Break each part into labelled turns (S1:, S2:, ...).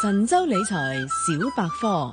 S1: 神州理財小百科。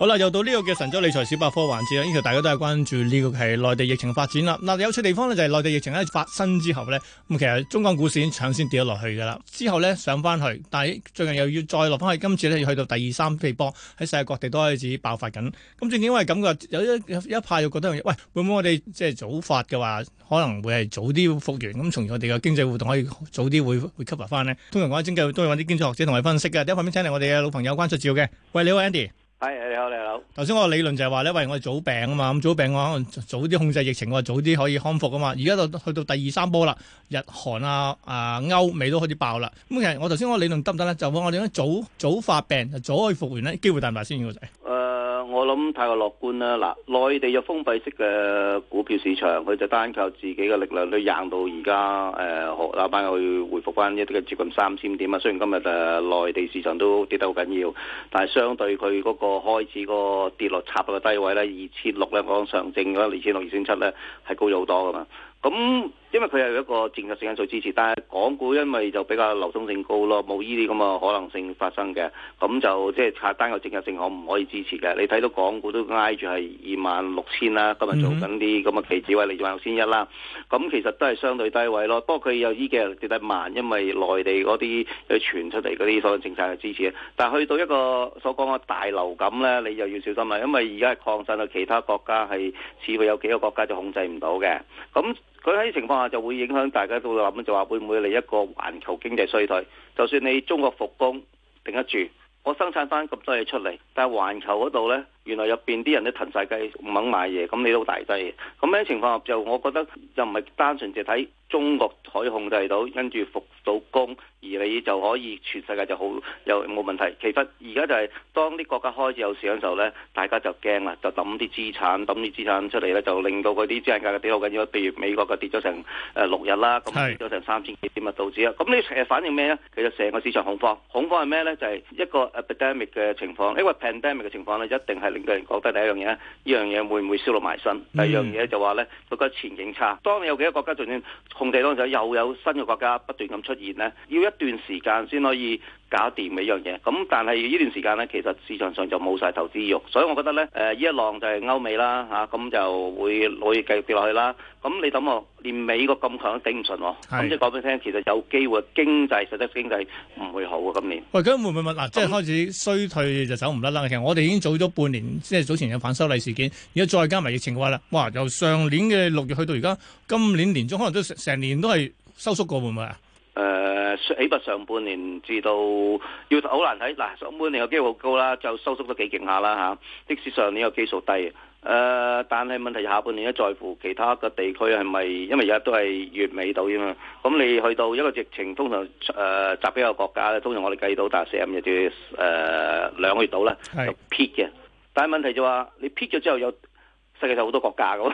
S1: 好啦，又到呢個嘅神州理財小百科環節啦。呢條大家都係關注呢個係內地疫情發展啦。嗱，有趣地方呢就係內地疫情喺發生之後呢，咁其實中港股市已經搶先跌咗落去噶啦。之後呢，上翻去，但係最近又要再落翻去，今次呢，要去到第二、三波喺世界各地都開始爆發緊。咁正正因為咁嘅，有一有一派又覺得喂，會唔會我哋即係早發嘅話，可能會係早啲復原，咁從而我哋嘅經濟活動可以早啲會會 cover 翻咧？通常講經濟都會揾啲經濟學者同我哋分析嘅。第一方面請嚟我哋嘅老朋友關焯照嘅，喂，你好 Andy。係，你好，你好。頭先我個理論就係話咧，喂，我哋早病啊嘛，咁早病我可能早啲控制疫情，我早啲可以康復啊嘛。而家就去到第二三波啦，日韓啊、啊、呃、歐美都開始爆啦。咁其實我頭先我個理論得唔得咧？就話我哋點樣早早發病早可以復原咧，機會大唔大先？個、呃、仔。誒。
S2: 我諗太過樂觀啦！嗱、啊，內地有封閉式嘅股票市場，佢就單靠自己嘅力量都贏到而家誒，老闆去回復翻一啲嘅接近三千點啊！雖然今日誒內地市場都跌得好緊要，但係相對佢嗰個開始個跌落插個低位咧，二千六咧，我講上證嗰二千六二千七咧，係高咗好多噶嘛，咁。因為佢係一個政策性因素支持，但係港股因為就比較流通性高咯，冇呢啲咁嘅可能性發生嘅，咁就即係單嘅政策性項唔可以支持嘅。你睇到港股都挨住係二萬六千啦，今日做緊啲咁嘅期指位二萬六千一啦，咁其實都係相對低位咯。不過佢有依幾日跌得慢，因為內地嗰啲傳出嚟嗰啲所有政策嘅支持。但係去到一個所講嘅大流感呢，你又要小心啦，因為而家係擴散到其他國家，係似乎有幾個國家就控制唔到嘅，咁。佢喺情況下就會影響大家都諗，就話會唔會嚟一個環球經濟衰退？就算你中國復工頂得住，我生產翻咁多嘢出嚟，但係環球嗰度呢，原來入邊啲人都騰晒雞，唔肯買嘢，咁你都大劑。咁啲情況下就我覺得就唔係單純淨睇。中國可以控制到，跟住復到工，而你就可以全世界就好又冇問題。其實而家就係當啲國家開始有事嘅時候咧，大家就驚啦，就抌啲資產，抌啲資產出嚟咧，就令到嗰啲資產價嘅跌落緊咗。譬如美國嘅跌咗成誒六日啦，咁跌咗成三千幾點物道指。啦。咁你成，反映咩咧？其實成個市場恐慌，恐慌係咩咧？就係、是、一個 epidemic 嘅情況，因為 pandemic 嘅情況咧，一定係令到人覺得第一樣嘢，呢樣嘢會唔會燒到埋身？第二樣嘢就話咧，個前景差。當有幾多國家就同地嗰陣時又有，有新嘅國家不斷咁出現咧，要一段時間先可以。搞掂嘅一樣嘢，咁、嗯、但係呢段時間咧，其實市場上就冇晒投資慾，所以我覺得咧，誒、呃、依一浪就係歐美啦，嚇、啊、咁、嗯、就會可以繼續跌落去啦。咁、嗯、你諗喎，連美國咁強都頂唔順喎，咁是、嗯、即係講俾你聽，其實有機會經濟，實質經濟唔會好喎今年。
S1: 喂，咁會唔會問嗱、啊？即係開始衰退就走唔甩啦。其實我哋已經早咗半年，即係早前有反修例事件，而家再加埋疫情嘅話啦，哇！由上年嘅六月去到而家，今年年中可能都成成年都係收縮過，會唔會啊？
S2: 誒、呃。起碼上半年至到要好難睇嗱，上半年嘅機會好高啦，就收縮得幾勁下啦吓。即使上年個基數低，誒、呃，但係問題下半年一在乎其他嘅地區係咪，因為而家都係月尾到啫嘛。咁、嗯嗯、你去到一個疫情通常誒集、呃、比較多國家咧，通常我哋計到大概四五日就誒兩個月到啦，就撇嘅。但係問題就話你撇咗之後有。世界有好多國家咁，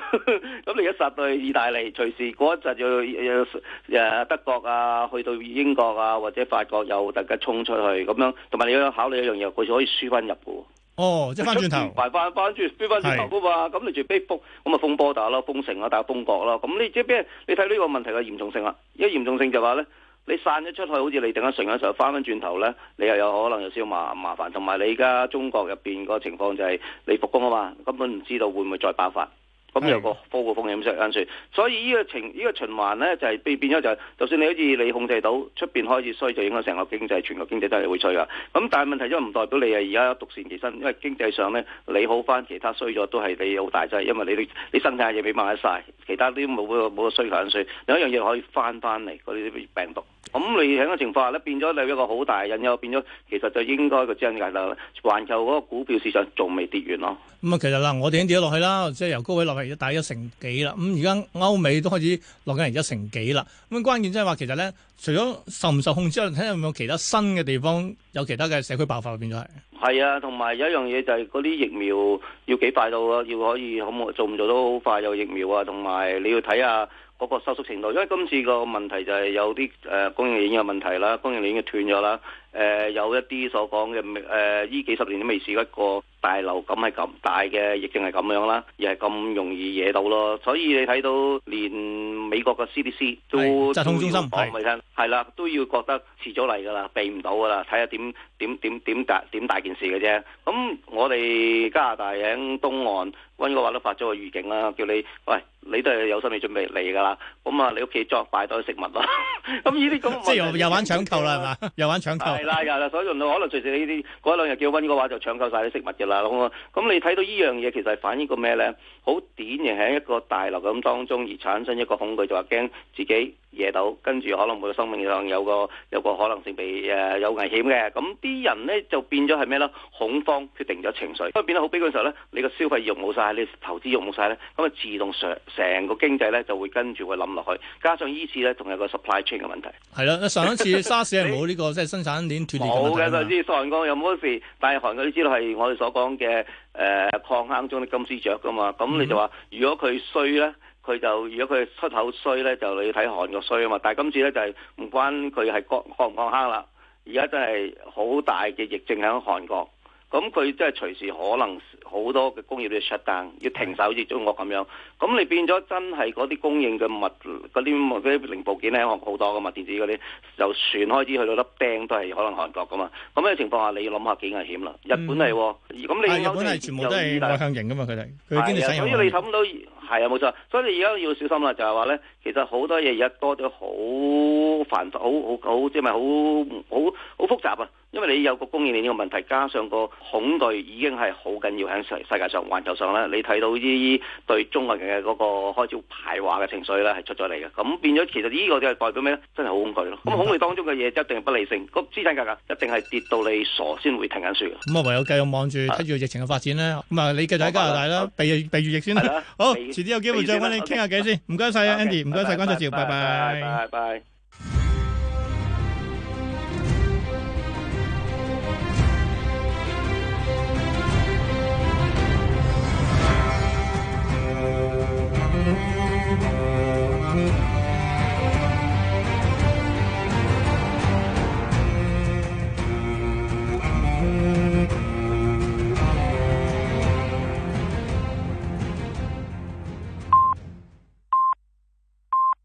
S2: 咁你一殺到去意大利，隨時嗰一陣又又誒德國啊，去到英國啊或者法國又突然衝出去咁樣，同埋你要考慮一樣嘢，佢就可以輸翻入
S1: 嘅。哦，即
S2: 係翻轉頭，翻翻翻轉 back 嘛，咁你住 b a 咁咪風波打咯，封城啊，大風國啦，咁你即係邊？你睇呢個問題嘅嚴重性啊。而家嚴重性就話咧。你散咗出去，好似你定咗順嘅時候，翻翻轉頭咧，你又有可能有少少麻麻煩。同埋你而家中國入邊個情況就係你復工啊嘛，根本唔知道會唔會再爆發，咁有個科學風險因素。所以呢個情呢個循環咧，就係、是、變變咗就係、是，就算你好似你控制到出邊開始衰，就影響成個經濟，全球經濟都係會衰噶。咁但係問題，因為唔代表你係而家獨善其身，因為經濟上咧你好翻，其他衰咗都係你好大劑，即因為你你生產嘢未賣得晒，其他啲冇個冇個衰因素。另一樣嘢可以翻翻嚟嗰啲病毒。咁、嗯、你響個情況下咧，變咗你一個好大引誘，變咗其實就應該個真嘅啦。環球嗰個股票市場仲未跌完咯。
S1: 咁啊、嗯，其實嗱，我哋已經跌咗落去啦，即係由高位落去一打一成幾啦。咁而家歐美都開始落緊，係一成幾啦。咁、嗯、關鍵即係話，其實咧，除咗受唔受控之外，睇下有冇其他新嘅地方有其他嘅社區爆發變，變咗係。
S2: 係啊，同埋有一樣嘢就係嗰啲疫苗要幾快到啊，要可以可唔做唔做到好快有疫苗啊，同埋你要睇下嗰個收縮程度，因為今次個問題就係有啲誒供應鏈嘅問題啦，供應鏈已經斷咗啦。誒、呃、有一啲所講嘅誒，呢、呃、幾十年都未試過一個大流感係咁大嘅，疫症係咁樣啦，又係咁容易惹到咯。所以你睇到連美國嘅 CDC 都集控中心係咪先係啦，都要覺得遲早嚟㗎啦，避唔到㗎啦，睇下點點點點大點大件事嘅啫。咁我哋加拿大響東岸温哥華都發咗個預警啦，叫你喂你都係有心理準備嚟㗎啦。咁啊，你屋企作埋多啲食物啦。
S1: 咁呢啲咁即又玩搶購啦，係嘛？又玩搶購。
S2: 啦，所以用到可能隨時呢啲嗰兩日叫溫嘅話，就搶購晒啲食物嘅啦，咁咁你睇到呢樣嘢其實反映個咩咧？好典型喺一個大流感咁當中而產生一個恐懼，就話驚自己惹到，跟住可能會個生命上有個有個可能性被誒有危險嘅。咁啲人咧就變咗係咩咧？恐慌決定咗情緒。不啊，變得好悲觀嘅時候咧，你個消費慾冇晒，你投資慾冇晒咧，咁啊，自動上成個經濟咧就會跟住會諗落去。加上依次咧仲有個 supply chain 嘅問題。係
S1: 啦，上一次沙士係冇呢個即係生產冇嘅，就知
S2: 韓國有冇事，但係韓國都知道係我哋所講嘅誒礦坑中嘅金絲雀噶嘛，咁你就話，如果佢衰咧，佢就如果佢出口衰咧，就你要睇韓國衰啊嘛，但係今次咧就係唔關佢係礦礦唔礦坑啦，而家真係好大嘅疫症喺韓國。 咁佢即係隨時可能好多嘅工業都要 shut down，要停手，好似中國咁樣。咁你變咗真係嗰啲供應嘅物，嗰啲啲零部件咧，好多噶嘛，電子嗰啲由船開始去到粒釘都係可能韓國噶嘛。咁嘅情況下，你要諗下幾危險啦。日本係、哦，咁日本係全
S1: 部都係外向型噶嘛，佢哋、啊、
S2: 所以你諗到係啊，冇錯。所以你而家要小心啦，就係話咧，其實好多嘢而家多咗好繁，好好好，即係咪好好好，好複雜啊？你有個供應鏈呢個問題，加上個恐懼已經係好緊要喺世界上、環球上咧，你睇到啲對中國人嘅嗰個開始排華嘅情緒咧，係出咗嚟嘅。咁變咗，其實呢個就係代表咩咧？真係好恐懼咯。咁恐懼當中嘅嘢一定係不理性，個資產價格一定係跌到你傻先會停緊
S1: 船。咁啊，唯有繼續望住七月疫情嘅發展咧。咁啊，你繼續喺加拿大啦，避避住疫先。係啦。好，遲啲有機會再翻嚟傾下偈先。唔該晒啊，Andy，唔該晒，關焯照，拜拜。拜拜。